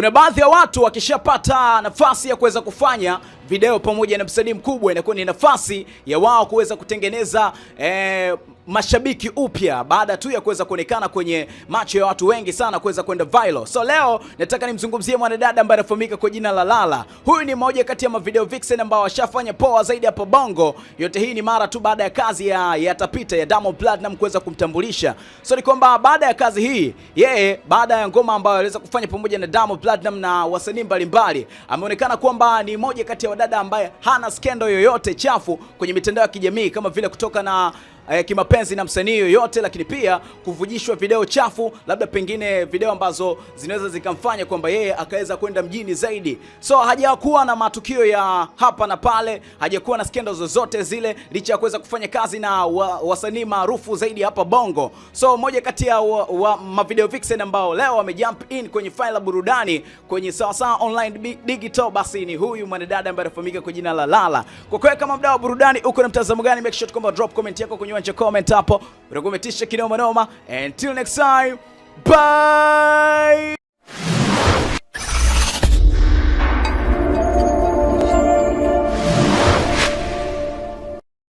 Kuna baadhi ya watu wakishapata nafasi ya kuweza kufanya video pamoja na msanii mkubwa, inakuwa ni nafasi ya wao kuweza kutengeneza eh, mashabiki upya baada tu ya kuweza kuonekana kwenye macho ya watu wengi sana kuweza kwenda viral. So leo nataka nimzungumzie mwanadada ambaye anafahamika kwa jina la Lala. Huyu ni mmoja kati ya mavideo vixen ambao washafanya poa zaidi hapa Bongo. Yote hii ni mara tu baada ya kazi ya yatapita ya Diamond Platnumz kuweza kumtambulisha. So ni kwamba baada ya kazi hii yeye, baada ya ngoma ambayo aliweza kufanya pamoja na Diamond Platnumz na wasanii mbalimbali, ameonekana kwamba ni mmoja kati ya wadada ambaye hana skendo yoyote chafu kwenye mitandao ya kijamii kama vile kutoka na eh, kimapenzi na msanii yoyote, lakini pia kuvujishwa video chafu, labda pengine video ambazo zinaweza zikamfanya kwamba yeye akaweza kwenda mjini zaidi. So hajakuwa na matukio ya hapa na pale, hajakuwa na skendo zozote zile, licha ya kuweza kufanya kazi na wa, wasanii maarufu zaidi hapa Bongo. So moja kati ya wa, wa, mavideo vixen ambao leo wamejump in kwenye file la burudani kwenye Sawasawa Online Digital, basi ni huyu mwanadada ambaye anafahamika kwa jina la Lala. Kwa kweli kama mdau wa burudani, uko na mtazamo gani? Make sure kwamba drop comment yako kwenye acha comment hapo, utakumetisha kinoma noma. Until next time, bye.